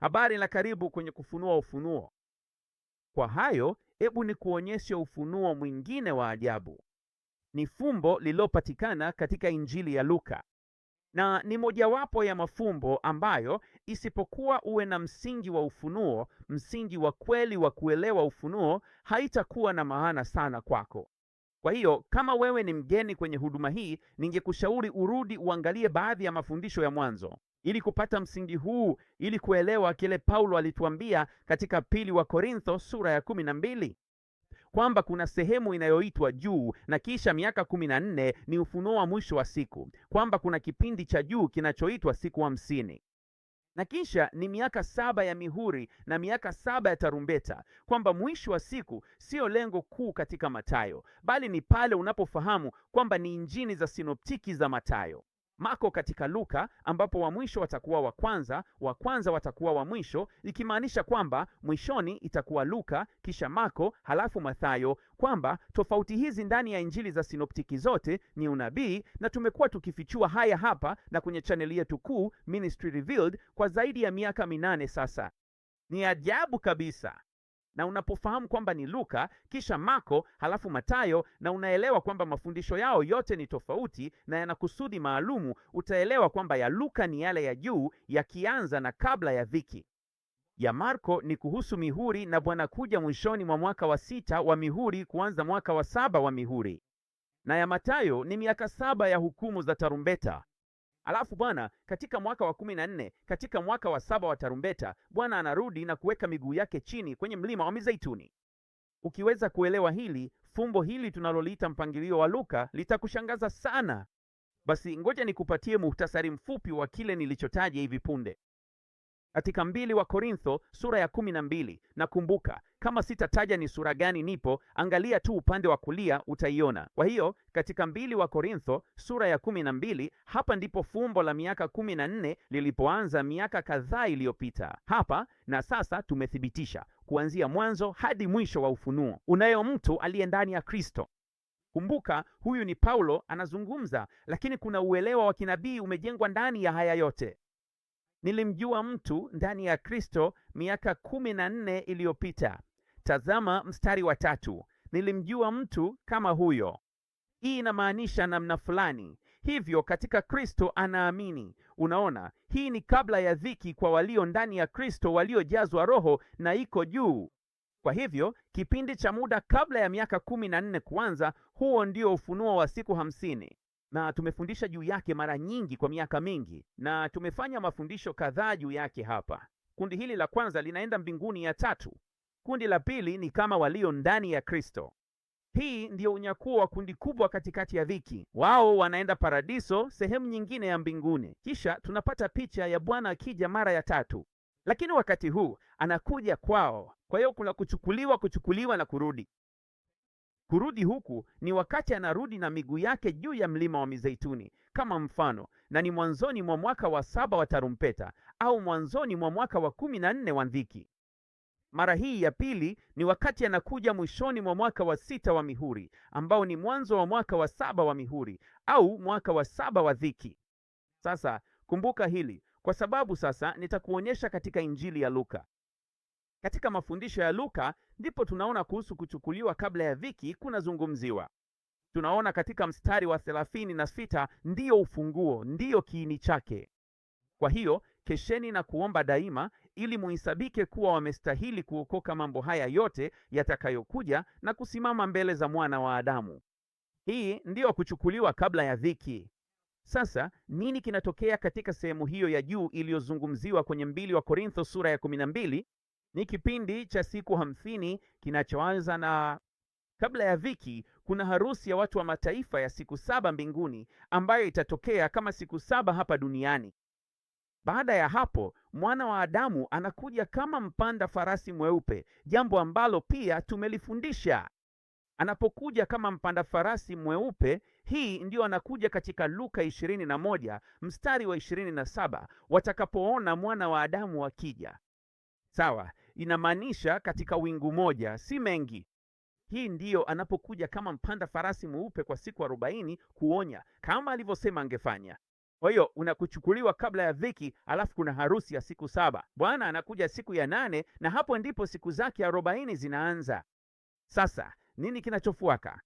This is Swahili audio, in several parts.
Habari na karibu kwenye Kufunua Ufunuo. Kwa hayo, hebu ni kuonyesha ufunuo mwingine wa ajabu. Ni fumbo lililopatikana katika Injili ya Luka na ni mojawapo ya mafumbo ambayo isipokuwa uwe na msingi wa ufunuo, msingi wa kweli wa kuelewa ufunuo, haitakuwa na maana sana kwako. Kwa hiyo kama wewe ni mgeni kwenye huduma hii, ningekushauri urudi uangalie baadhi ya mafundisho ya mwanzo. Ili kupata msingi huu, ili kuelewa kile Paulo alituambia katika pili wa Korintho sura ya kumi na mbili kwamba kuna sehemu inayoitwa juu na kisha miaka kumi na nne ni ufunuo wa mwisho wa siku, kwamba kuna kipindi cha juu kinachoitwa siku hamsini na kisha ni miaka saba ya mihuri na miaka saba ya tarumbeta, kwamba mwisho wa siku siyo lengo kuu katika Mathayo, bali ni pale unapofahamu kwamba ni injini za sinoptiki za Mathayo. Mako katika Luka, ambapo wa mwisho watakuwa wa kwanza, wa kwanza watakuwa wa mwisho, ikimaanisha kwamba mwishoni itakuwa Luka kisha Mako halafu Mathayo, kwamba tofauti hizi ndani ya injili za sinoptiki zote ni unabii, na tumekuwa tukifichua haya hapa na kwenye chaneli yetu kuu Ministry Revealed kwa zaidi ya miaka minane sasa. Ni ajabu kabisa na unapofahamu kwamba ni Luka kisha Marko halafu Matayo, na unaelewa kwamba mafundisho yao yote ni tofauti na yana kusudi maalumu, utaelewa kwamba ya Luka ni yale ya juu yakianza na kabla ya dhiki. Ya Marko ni kuhusu mihuri na Bwana kuja mwishoni mwa mwaka wa sita wa mihuri kuanza mwaka wa saba wa mihuri, na ya Matayo ni miaka saba ya hukumu za tarumbeta. Alafu Bwana katika mwaka wa kumi na nne katika mwaka wa saba wa tarumbeta, Bwana anarudi na kuweka miguu yake chini kwenye mlima wa Mizeituni. Ukiweza kuelewa hili fumbo hili tunaloliita mpangilio wa Luka litakushangaza sana. Basi ngoja nikupatie muhtasari mfupi wa kile nilichotaja hivi punde. Katika mbili wa Korintho sura ya kumi na mbili na kumbuka, kama sitataja ni sura gani nipo, angalia tu upande wa kulia utaiona. Kwa hiyo katika mbili wa Korintho sura ya kumi na mbili hapa ndipo fumbo la miaka kumi na nne lilipoanza miaka kadhaa iliyopita. Hapa na sasa tumethibitisha kuanzia mwanzo hadi mwisho wa ufunuo unayo mtu aliye ndani ya Kristo. Kumbuka, huyu ni Paulo anazungumza, lakini kuna uelewa wa kinabii umejengwa ndani ya haya yote. Nilimjua mtu ndani ya Kristo miaka kumi na nne iliyopita. Tazama mstari wa tatu. Nilimjua mtu kama huyo. Hii inamaanisha namna fulani hivyo katika Kristo anaamini. Unaona, hii ni kabla ya dhiki kwa walio ndani ya Kristo waliojazwa Roho na iko juu. Kwa hivyo kipindi cha muda kabla ya miaka kumi na nne kuanza, huo ndio ufunuo wa siku hamsini na tumefundisha juu yake mara nyingi kwa miaka mingi na tumefanya mafundisho kadhaa juu yake hapa. Kundi hili la kwanza linaenda mbinguni ya tatu. Kundi la pili ni kama walio ndani ya Kristo. Hii ndiyo unyakuo wa kundi kubwa katikati ya dhiki. Wao wanaenda paradiso, sehemu nyingine ya mbinguni. Kisha tunapata picha ya Bwana akija mara ya tatu, lakini wakati huu anakuja kwao. Kwa hiyo kuna kuchukuliwa, kuchukuliwa na kurudi. Kurudi huku ni wakati anarudi na miguu yake juu ya mlima wa Mizeituni kama mfano, na ni mwanzoni mwa mwaka wa saba wa tarumpeta au mwanzoni mwa mwaka wa kumi na nne wa dhiki Mara hii ya pili ni wakati anakuja mwishoni mwa mwaka wa sita wa mihuri, ambao ni mwanzo wa mwaka wa saba wa mihuri au mwaka wa saba wa Dhiki. Sasa kumbuka hili, kwa sababu sasa nitakuonyesha katika Injili ya Luka. Katika mafundisho ya Luka ndipo tunaona kuhusu kuchukuliwa kabla ya dhiki kunazungumziwa. Tunaona katika mstari wa thelathini na sita ndiyo ufunguo, ndiyo kiini chake. Kwa hiyo kesheni na kuomba daima, ili muhisabike kuwa wamestahili kuokoka mambo haya yote yatakayokuja na kusimama mbele za mwana wa Adamu. Hii ndiyo kuchukuliwa kabla ya dhiki. Sasa nini kinatokea katika sehemu hiyo ya juu iliyozungumziwa kwenye mbili wa Korintho sura ya 12 ni kipindi cha siku hamsini kinachoanza na kabla ya dhiki kuna harusi ya watu wa mataifa ya siku saba mbinguni ambayo itatokea kama siku saba hapa duniani. Baada ya hapo mwana wa Adamu anakuja kama mpanda farasi mweupe, jambo ambalo pia tumelifundisha. Anapokuja kama mpanda farasi mweupe, hii ndiyo anakuja katika Luka 21 mstari wa 27, watakapoona mwana wa Adamu akija. Sawa inamaanisha katika wingu moja, si mengi. Hii ndiyo anapokuja kama mpanda farasi mweupe kwa siku arobaini kuonya, kama alivyosema angefanya. Kwa hiyo unakuchukuliwa kabla ya dhiki, alafu kuna harusi ya siku saba. Bwana anakuja siku ya nane, na hapo ndipo siku zake arobaini zinaanza. Sasa nini kinachofuata?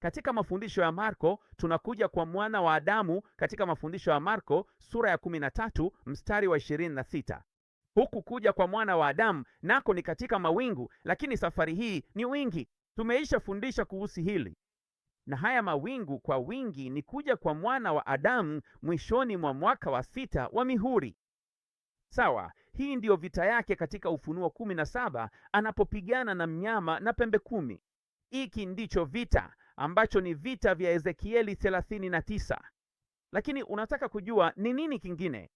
Katika mafundisho ya Marko tunakuja kwa mwana wa Adamu. Katika mafundisho ya Marko sura ya 13 mstari wa 26, huku kuja kwa mwana wa Adamu nako ni katika mawingu, lakini safari hii ni wingi. Tumeisha fundisha kuhusu hili, na haya mawingu kwa wingi ni kuja kwa mwana wa Adamu mwishoni mwa mwaka wa sita wa mihuri. Sawa, hii ndiyo vita yake katika Ufunuo kumi na saba anapopigana na mnyama na pembe kumi. Hiki ndicho vita ambacho ni vita vya Ezekieli thelathini na tisa. Lakini unataka kujua ni nini kingine?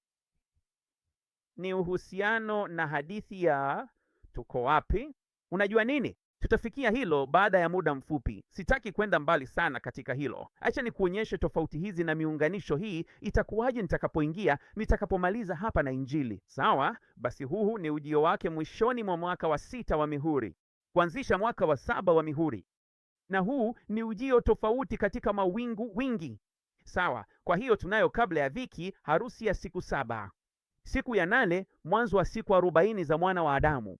ni uhusiano na hadithi ya tuko wapi. Unajua nini, tutafikia hilo baada ya muda mfupi. Sitaki kwenda mbali sana katika hilo, acha nikuonyeshe tofauti hizi na miunganisho hii itakuwaje nitakapoingia nitakapomaliza hapa na Injili. Sawa, basi huu ni ujio wake mwishoni mwa mwaka wa sita wa mihuri, kuanzisha mwaka wa saba wa mihuri, na huu ni ujio tofauti katika mawingu wingi. Sawa, kwa hiyo tunayo kabla ya dhiki, harusi ya siku saba siku ya nane mwanzo wa siku arobaini za mwana wa Adamu.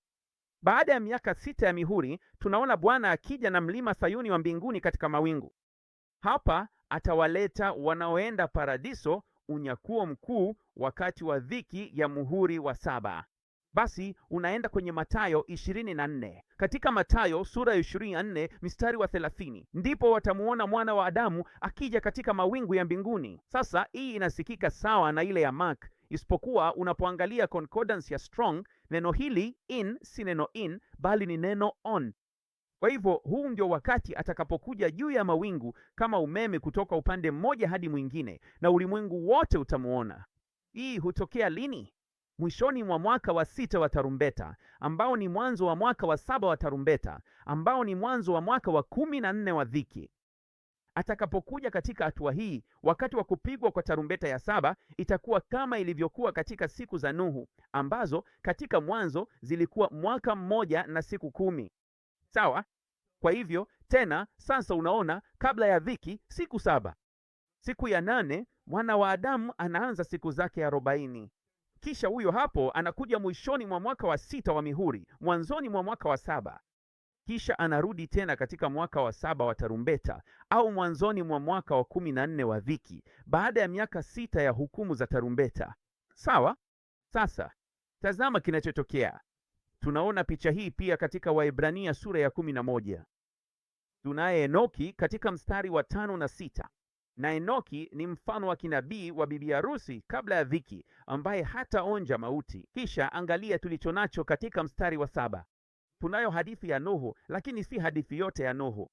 Baada ya miaka sita ya mihuri, tunaona Bwana akija na mlima Sayuni wa mbinguni katika mawingu. Hapa atawaleta wanaoenda paradiso, unyakuo mkuu, wakati wa dhiki ya muhuri wa saba. Basi unaenda kwenye Mathayo ishirini na nne. Katika Mathayo sura ya ishirini na nne mstari wa thelathini, ndipo watamuona mwana wa Adamu akija katika mawingu ya mbinguni. Sasa hii inasikika sawa na ile ya Mark isipokuwa unapoangalia concordance ya Strong, neno hili in si neno in, bali ni neno on. Kwa hivyo huu ndio wakati atakapokuja juu ya mawingu kama umeme kutoka upande mmoja hadi mwingine, na ulimwengu wote utamuona. Hii hutokea lini? Mwishoni mwa mwaka wa sita wa tarumbeta, ambao ni mwanzo wa mwaka wa saba wa tarumbeta, ambao ni mwanzo wa mwaka wa kumi na nne wa dhiki. Atakapokuja katika hatua hii, wakati wa kupigwa kwa tarumbeta ya saba itakuwa kama ilivyokuwa katika siku za Nuhu ambazo katika mwanzo zilikuwa mwaka mmoja na siku kumi. Sawa? Kwa hivyo tena sasa unaona, kabla ya dhiki siku saba. Siku ya nane mwana wa Adamu anaanza siku zake arobaini. Kisha huyo hapo anakuja mwishoni mwa mwaka wa sita wa mihuri, mwanzoni mwa mwaka wa saba kisha anarudi tena katika mwaka wa saba wa tarumbeta au mwanzoni mwa mwaka wa kumi na nne wa dhiki, baada ya miaka sita ya hukumu za tarumbeta. Sawa. Sasa tazama kinachotokea. Tunaona picha hii pia katika waibrania sura ya kumi na moja. Tunaye Enoki katika mstari wa tano na sita na Enoki ni mfano wa kinabii wa bibi harusi kabla ya dhiki, ambaye hataonja mauti. Kisha angalia tulichonacho katika mstari wa saba kunayo hadithi ya Nuhu, lakini si hadithi yote ya Nuhu,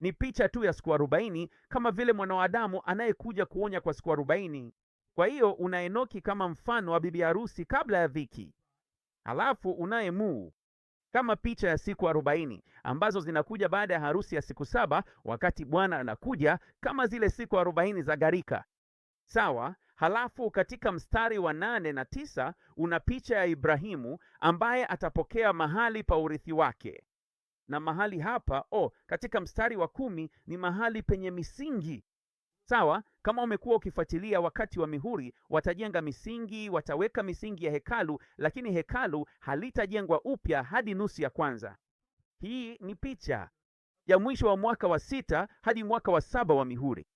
ni picha tu ya siku arobaini, kama vile mwanadamu anayekuja kuonya kwa siku arobaini. Kwa hiyo una Enoki kama mfano wa bibi harusi kabla ya dhiki, halafu unaye Muu kama picha ya siku arobaini ambazo zinakuja baada ya harusi ya siku saba, wakati Bwana anakuja kama zile siku arobaini za gharika. Sawa. Halafu katika mstari wa nane na tisa una picha ya Ibrahimu ambaye atapokea mahali pa urithi wake, na mahali hapa oh, katika mstari wa kumi ni mahali penye misingi Sawa, kama umekuwa ukifuatilia wakati wa mihuri, watajenga misingi, wataweka misingi ya hekalu, lakini hekalu halitajengwa upya hadi nusu ya kwanza. Hii ni picha ya mwisho wa mwaka wa sita hadi mwaka wa saba wa mihuri.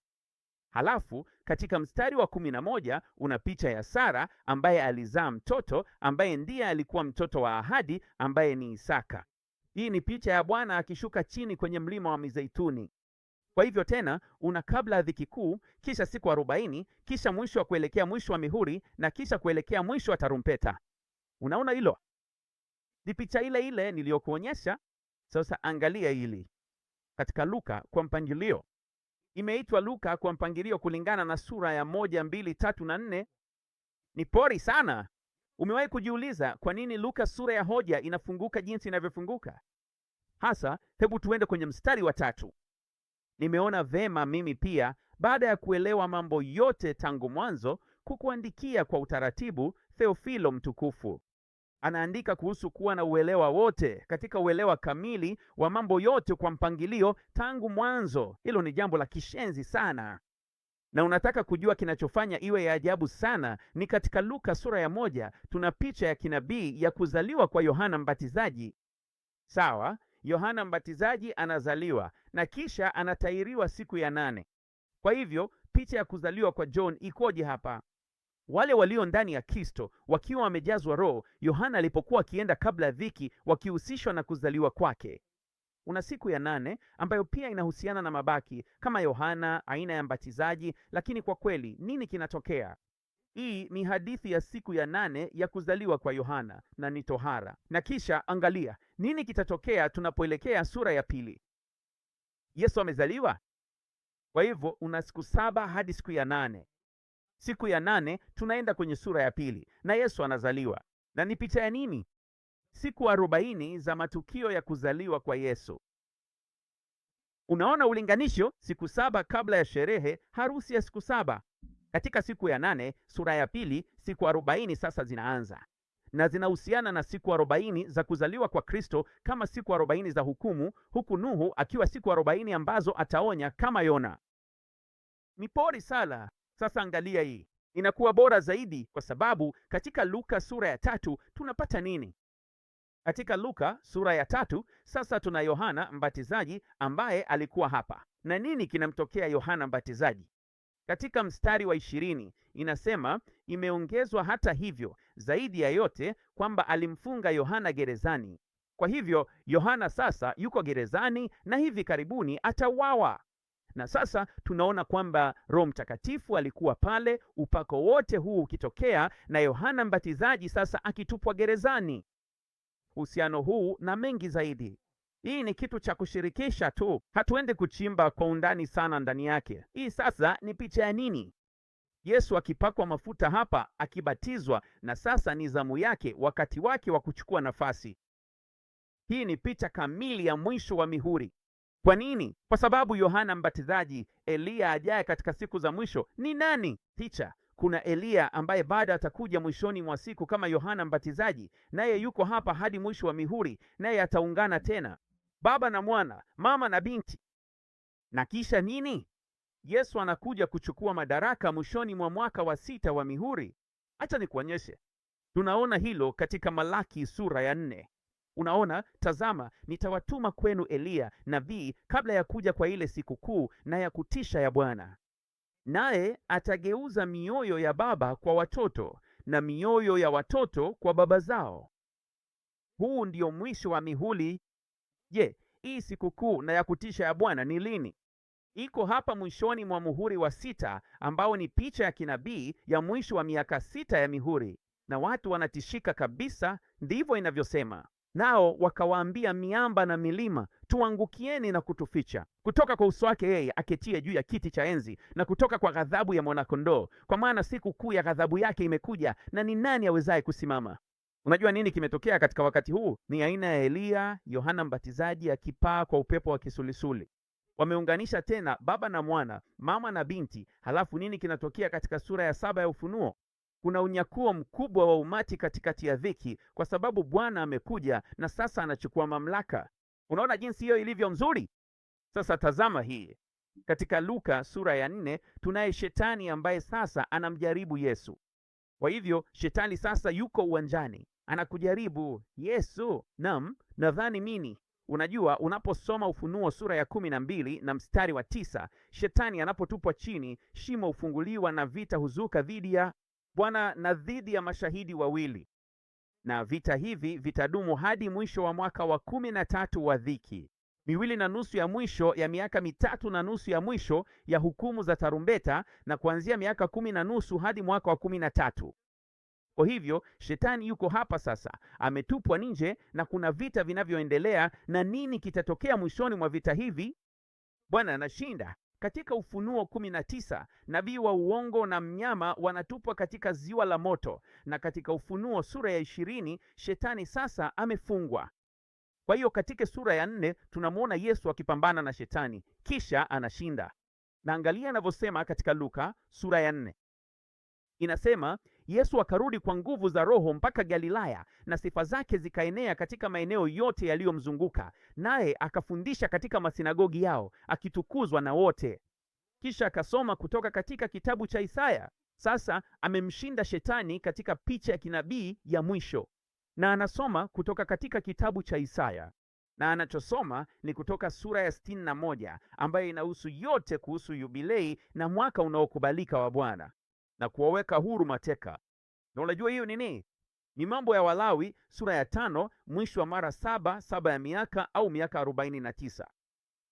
Halafu katika mstari wa kumi na moja una picha ya Sara ambaye alizaa mtoto ambaye ndiye alikuwa mtoto wa ahadi ambaye ni Isaka. Hii ni picha ya Bwana akishuka chini kwenye mlima wa Mizeituni. Kwa hivyo tena una kabla ya dhiki kuu, kisha siku arobaini, kisha mwisho wa kuelekea mwisho wa mihuri na kisha kuelekea mwisho wa tarumpeta. Unaona hilo? Ni picha ile ile niliyokuonyesha. Sasa angalia hili katika Luka kwa mpangilio imeitwa Luka kwa mpangilio kulingana na sura ya moja, mbili, tatu na nne ni pori sana. Umewahi kujiuliza kwa nini Luka sura ya hoja inafunguka jinsi inavyofunguka? Hasa hebu tuende kwenye mstari wa tatu. Nimeona vema mimi pia baada ya kuelewa mambo yote tangu mwanzo kukuandikia kwa utaratibu, Theofilo mtukufu, anaandika kuhusu kuwa na uelewa wote katika uelewa kamili wa mambo yote kwa mpangilio tangu mwanzo. Hilo ni jambo la kishenzi sana, na unataka kujua kinachofanya iwe ya ajabu sana, ni katika Luka sura ya moja tuna picha ya kinabii ya kuzaliwa kwa Yohana Mbatizaji. Sawa, Yohana Mbatizaji anazaliwa na kisha anatairiwa siku ya nane. Kwa hivyo picha ya kuzaliwa kwa John ikoje hapa? Wale walio ndani ya Kristo wakiwa wamejazwa Roho, Yohana alipokuwa akienda kabla ya dhiki, wakihusishwa na kuzaliwa kwake. Una siku ya nane ambayo pia inahusiana na mabaki kama Yohana, aina ya mbatizaji. Lakini kwa kweli nini kinatokea? Hii ni hadithi ya siku ya nane ya kuzaliwa kwa Yohana na ni tohara. Na kisha angalia nini kitatokea tunapoelekea sura ya pili. Yesu amezaliwa. Kwa hivyo una siku saba hadi siku ya nane. Siku ya nane tunaenda kwenye sura ya pili na Yesu anazaliwa, na ni picha ya nini? Siku arobaini za matukio ya kuzaliwa kwa Yesu. Unaona ulinganisho, siku saba kabla ya sherehe, harusi ya siku saba. Katika siku ya nane sura ya pili, siku arobaini sasa zinaanza na zinahusiana na siku arobaini za kuzaliwa kwa Kristo kama siku arobaini za hukumu, huku Nuhu akiwa siku arobaini ambazo ataonya kama Yona. Ni pori sala sasa angalia hii inakuwa bora zaidi, kwa sababu katika Luka sura ya tatu tunapata nini? Katika Luka sura ya tatu sasa tuna Yohana Mbatizaji ambaye alikuwa hapa, na nini kinamtokea Yohana Mbatizaji? Katika mstari wa ishirini inasema imeongezwa hata hivyo zaidi ya yote kwamba alimfunga Yohana gerezani. Kwa hivyo Yohana sasa yuko gerezani na hivi karibuni atauawa. Na sasa tunaona kwamba Roho Mtakatifu alikuwa pale, upako wote huu ukitokea, na Yohana Mbatizaji sasa akitupwa gerezani. Uhusiano huu na mengi zaidi hii ni kitu cha kushirikisha tu, hatuende kuchimba kwa undani sana ndani yake. Hii sasa ni picha ya nini? Yesu akipakwa mafuta hapa, akibatizwa, na sasa ni zamu yake, wakati wake wa kuchukua nafasi. Hii ni picha kamili ya mwisho wa mihuri. Kwa nini? Kwa sababu Yohana Mbatizaji, Eliya ajaye katika siku za mwisho ni nani? Ticha, kuna Eliya ambaye baada atakuja mwishoni mwa siku kama Yohana Mbatizaji, naye yuko hapa hadi mwisho wa mihuri, naye ataungana tena, baba na mwana, mama na binti. Na kisha nini? Yesu anakuja kuchukua madaraka mwishoni mwa mwaka wa sita wa mihuri. Acha nikuonyeshe, tunaona hilo katika Malaki sura ya nne. Unaona, tazama, nitawatuma kwenu Eliya nabii kabla ya kuja kwa ile siku kuu na ya kutisha ya Bwana, naye atageuza mioyo ya baba kwa watoto na mioyo ya watoto kwa baba zao. Huu ndio mwisho wa mihuli Je, hii siku kuu na ya kutisha ya Bwana ni lini? Iko hapa mwishoni mwa muhuri wa sita, ambao ni picha ya kinabii ya mwisho wa miaka sita ya mihuri, na watu wanatishika kabisa, ndivyo inavyosema. Nao wakawaambia miamba na milima, tuangukieni na kutuficha kutoka kwa uso wake yeye aketie juu ya kiti cha enzi, na kutoka kwa ghadhabu ya mwanakondoo, kwa maana siku kuu ya ghadhabu yake imekuja, na ni nani awezaye kusimama? Unajua nini kimetokea katika wakati huu? Ni aina ya Eliya, Yohana Mbatizaji akipaa kwa upepo wa kisulisuli. Wameunganisha tena baba na mwana, mama na binti. Halafu nini kinatokea katika sura ya saba ya Ufunuo? Kuna unyakuo mkubwa wa umati katikati ya dhiki, kwa sababu Bwana amekuja na sasa anachukua mamlaka. Unaona jinsi hiyo ilivyo mzuri. Sasa tazama hii katika Luka sura ya nne, tunaye shetani ambaye sasa anamjaribu Yesu. Kwa hivyo shetani sasa yuko uwanjani anakujaribu Yesu. Naam, nadhani mimi Unajua, unaposoma Ufunuo sura ya kumi na mbili na mstari wa tisa, shetani anapotupwa chini, shimo hufunguliwa na vita huzuka dhidi ya Bwana na dhidi ya mashahidi wawili, na vita hivi vitadumu hadi mwisho wa mwaka wa kumi na tatu wa dhiki miwili na nusu ya mwisho ya miaka mitatu na nusu ya mwisho ya hukumu za tarumbeta, na kuanzia miaka kumi na nusu hadi mwaka wa kumi na tatu. Kwa hivyo shetani yuko hapa sasa, ametupwa nje na kuna vita vinavyoendelea. Na nini kitatokea mwishoni mwa vita hivi? Bwana anashinda, katika Ufunuo kumi na tisa nabii wa uongo na mnyama wanatupwa katika ziwa la moto, na katika Ufunuo sura ya ishirini shetani sasa amefungwa. Kwa hiyo katika sura ya nne tunamwona Yesu akipambana na shetani kisha anashinda, na angalia anavyosema katika Luka sura ya nne inasema Yesu akarudi kwa nguvu za Roho mpaka Galilaya na sifa zake zikaenea katika maeneo yote yaliyomzunguka, naye akafundisha katika masinagogi yao akitukuzwa na wote. Kisha akasoma kutoka katika kitabu cha Isaya. Sasa amemshinda shetani katika picha ya kinabii ya mwisho, na anasoma kutoka katika kitabu cha Isaya na anachosoma ni kutoka sura ya sitini na moja ambayo inahusu yote kuhusu yubilei na mwaka unaokubalika wa Bwana na kuwaweka huru mateka. Na unajua hiyo nini? Ni Mambo ya Walawi sura ya tano mwisho wa mara saba saba ya miaka au miaka arobaini na tisa.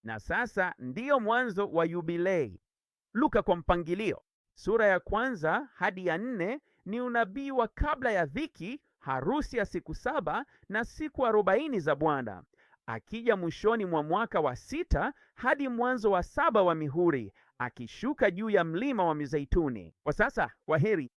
Na sasa ndiyo mwanzo wa yubilei. Luka kwa mpangilio, sura ya kwanza hadi ya nne ni unabii wa kabla ya dhiki, harusi ya siku saba na siku arobaini za Bwana. Akija mwishoni mwa mwaka wa sita hadi mwanzo wa saba wa mihuri, akishuka juu ya mlima wa Mizeituni. Kwa sasa, heri.